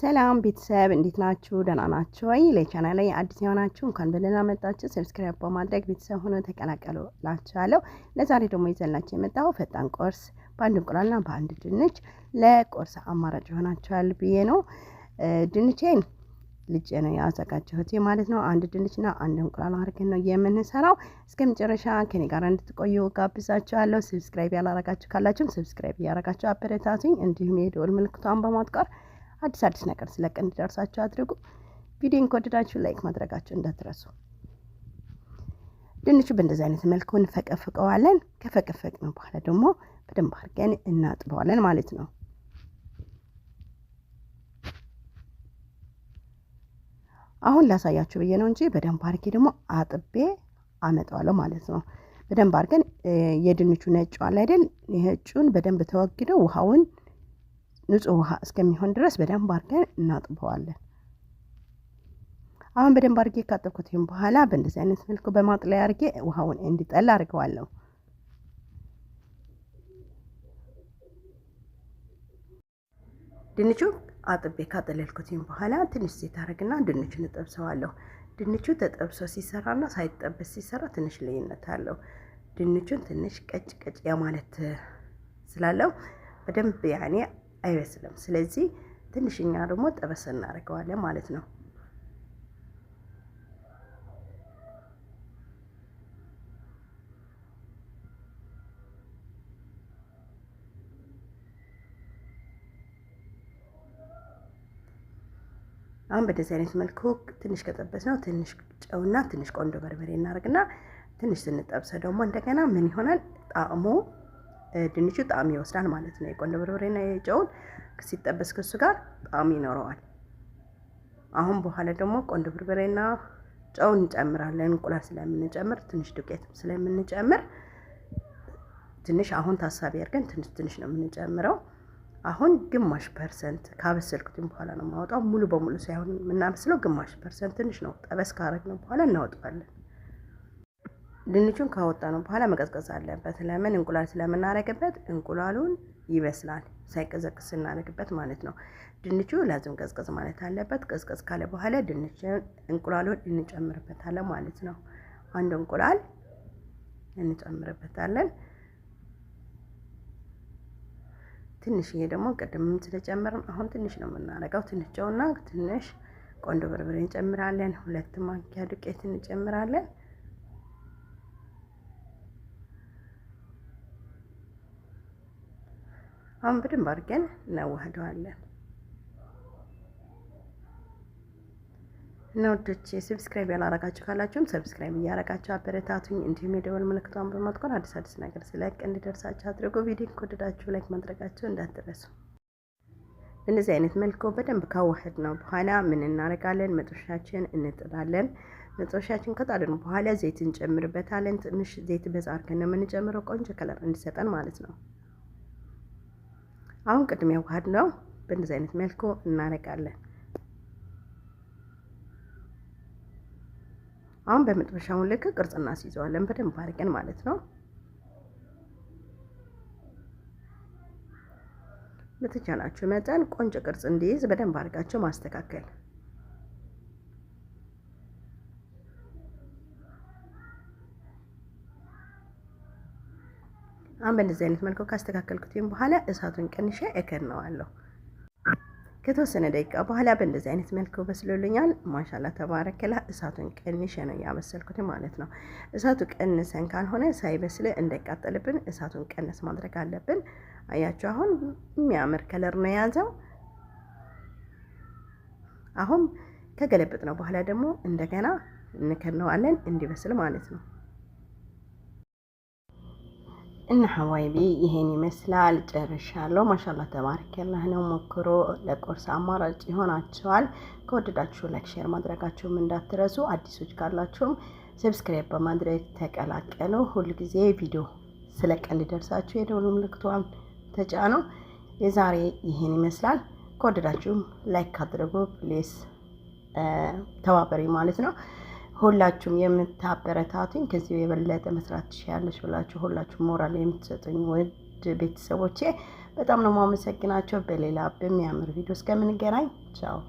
ሰላም ቤተሰብ እንዴት ናችሁ? ደህና ናችሁ ወይ? ለቻናል ላይ አዲስ የሆናችሁ እንኳን በደህና መጣችሁ። ሰብስክራይብ በማድረግ ቤተሰብ ሆኖ ተቀላቀሉ ላችኋለሁ። ለዛሬ ደግሞ ይዘላችሁ የመጣው ፈጣን ቁርስ በአንድ እንቁላልና በአንድ ድንች ለቁርስ አማራጭ ይሆናችኋል ብዬ ነው። ድንቼን ልጬ ነው ያዘጋጀሁት ማለት ነው። አንድ ድንችና አንድ እንቁላል አድርገን ነው የምንሰራው። እስከ መጨረሻ ከኔ ጋር እንድትቆዩ ጋብዛችኋለሁ። ሰብስክራይብ ያላረጋችሁ ካላችሁም ሰብስክራይብ እያረጋችሁ አበረታቱኝ። እንዲሁም የደወል ምልክቷን በማጥቆር አዲስ አዲስ ነገር ስለቅ እንዲደርሳችሁ አድርጉ። ቪዲዮን ከወደዳችሁ ላይክ ማድረጋችሁ እንዳትረሱ። ድንቹ በእንደዚህ አይነት መልኩ እንፈቀፍቀዋለን። ነው በኋላ ደግሞ በደንብ አድርገን እናጥበዋለን ማለት ነው። አሁን ላሳያችሁ ብዬ ነው እንጂ በደንብ አድርጌ ደግሞ አጥቤ አመጣዋለሁ ማለት ነው። በደንብ አድርገን የድንቹ ነጭ አለ አይደል? እጩን በደንብ ተወግደው ውሃውን ንጹህ ውሃ እስከሚሆን ድረስ በደንብ አድርገን እናጥበዋለን። አሁን በደንብ አድርጌ ካጠብኩትም በኋላ በእንደዚህ አይነት መልኩ በማጥለያ አድርጌ ውሃውን እንዲጠላ አድርገዋለሁ። ድንቹ አጥቤ ካጠለልኩትም በኋላ ትንሽ ዘይት አደርግና ድንቹን እጠብሰዋለሁ። ድንቹ ተጠብሶ ሲሰራና ሳይጠበስ ሲሰራ ትንሽ ልዩነት አለው። ድንቹን ትንሽ ቀጭ ቀጭ የማለት ስላለው በደንብ ያኔ አይበስልም። ስለዚህ ትንሽኛ ደግሞ ጠበስ እናደርገዋለን ማለት ነው። አሁን በደዚህ አይነት መልኩ ትንሽ ከጠበስ ነው ትንሽ ጨውና ትንሽ ቆንጆ በርበሬ እናደርግና ትንሽ ስንጠብሰ ደግሞ እንደገና ምን ይሆናል ጣዕሙ ድንቹ ጣዕም ይወስዳል ማለት ነው። የቆንደ በርበሬና የጨውን ሲጠበስ ከሱ ጋር ጣዕም ይኖረዋል። አሁን በኋላ ደግሞ ቆንደ በርበሬና ጨውን እንጨምራለን። እንቁላል ስለምንጨምር ትንሽ ዱቄት ስለምንጨምር ትንሽ አሁን ታሳቢ አድርገን ትንሽ ትንሽ ነው የምንጨምረው። አሁን ግማሽ ፐርሰንት ካበሰልኩትም በኋላ ነው የማወጣው። ሙሉ በሙሉ ሳይሆን የምናበስለው ግማሽ ፐርሰንት ትንሽ ነው። ጠበስ ካረግነው በኋላ እናወጣዋለን። ድንቹን ካወጣ ነው በኋላ መቀዝቀዝ አለበት። ለምን እንቁላል ስለምናረግበት እንቁላሉን ይበስላል ሳይቀዘቅዝ ስናረግበት ማለት ነው። ድንቹ ለዚም ቀዝቀዝ ማለት አለበት። ቀዝቀዝ ካለ በኋላ ድንችን እንቁላሉን እንጨምርበታለን ማለት ነው። አንድ እንቁላል እንጨምርበታለን። ትንሽዬ ደግሞ ቅድም ስለጨመርን አሁን ትንሽ ነው የምናደርገው ትንሽ ጨውና ትንሽ ቆንዶ በርበሬ እንጨምራለን። ሁለት ማንኪያ ዱቄት እንጨምራለን። አሁን በደንብ አድርገን እናዋህደዋለን። እና ውዶቼ ሰብስክራይብ ያላረጋችሁ ካላችሁም ሰብስክራይብ እያረጋችሁ አበረታቱኝ። እንዲሁም የደወል ምልክቷን በማጥቆር አዲስ አዲስ ነገር ስለቅ እንዲደርሳችሁ አድርጎ ቪዲዮ ከወደዳችሁ ላይክ ማድረጋችሁ እንዳትረሱ። በእነዚህ አይነት መልኩ በደንብ ካዋህድ ነው በኋላ ምን እናደርጋለን? መጥበሻችን እንጥዳለን። መጥበሻችን ከጣድን በኋላ ዘይት እንጨምርበታለን። ትንሽ ዘይት በዛ አድርገን ነው የምንጨምረው፣ ቆንጆ ከለር እንዲሰጠን ማለት ነው። አሁን ቅድም ያዋሃድ ነው በእንደዚህ አይነት መልኩ እናረጋለን። አሁን በመጥበሻው ልክ ቅርጽ እናስይዘዋለን በደንብ አድርገን ማለት ነው። በተቻላችሁ መጠን ቆንጆ ቅርጽ እንዲይዝ በደንብ አድርጋችሁ ማስተካከል አሁን በእንደዚህ አይነት መልኩ ካስተካከልኩትም በኋላ እሳቱን ቀንሼ እከድነዋለሁ። ከተወሰነ ደቂቃ በኋላ በእንደዚህ አይነት መልኩ በስሎልኛል። ማሻላ ተባረከላ። እሳቱን ቀንሼ ነው ያበሰልኩት ማለት ነው። እሳቱ ቀንሰን ካልሆነ ሳይበስል እንዳይቃጠልብን እሳቱን ቀንስ ማድረግ አለብን። አያችሁ፣ አሁን የሚያምር ከለር ነው የያዘው። አሁን ከገለበጥ ነው በኋላ ደግሞ እንደገና እንከድነዋለን እንዲበስል ማለት ነው። እና ሀዋይቢ ይሄን ይመስላል። ጨርሻለሁ። ማሻላ ተባረከላህ ነው። ሞክሮ ለቁርስ አማራጭ ይሆናቸዋል። ከወደዳችሁ ላይክ፣ ሼር ማድረጋችሁም እንዳትረሱ። አዲሶች ካላችሁም ሰብስክራይብ በማድረግ ተቀላቀሉ። ሁልጊዜ ቪዲዮ ስለቀ እንዲደርሳችሁ የደውል ምልክቷን ተጫኑ። የዛሬ ይሄን ይመስላል። ከወደዳችሁም ላይክ አድርጉ ፕሌስ ተባበሪ ማለት ነው። ሁላችሁም የምታበረታቱኝ ከዚህ የበለጠ መስራት ትችያለች ብላችሁ ሁላችሁ ሞራል የምትሰጡኝ ውድ ቤተሰቦቼ በጣም ነው የማመሰግናቸው። በሌላ በሚያምር ቪዲዮ እስከምንገናኝ ቻው።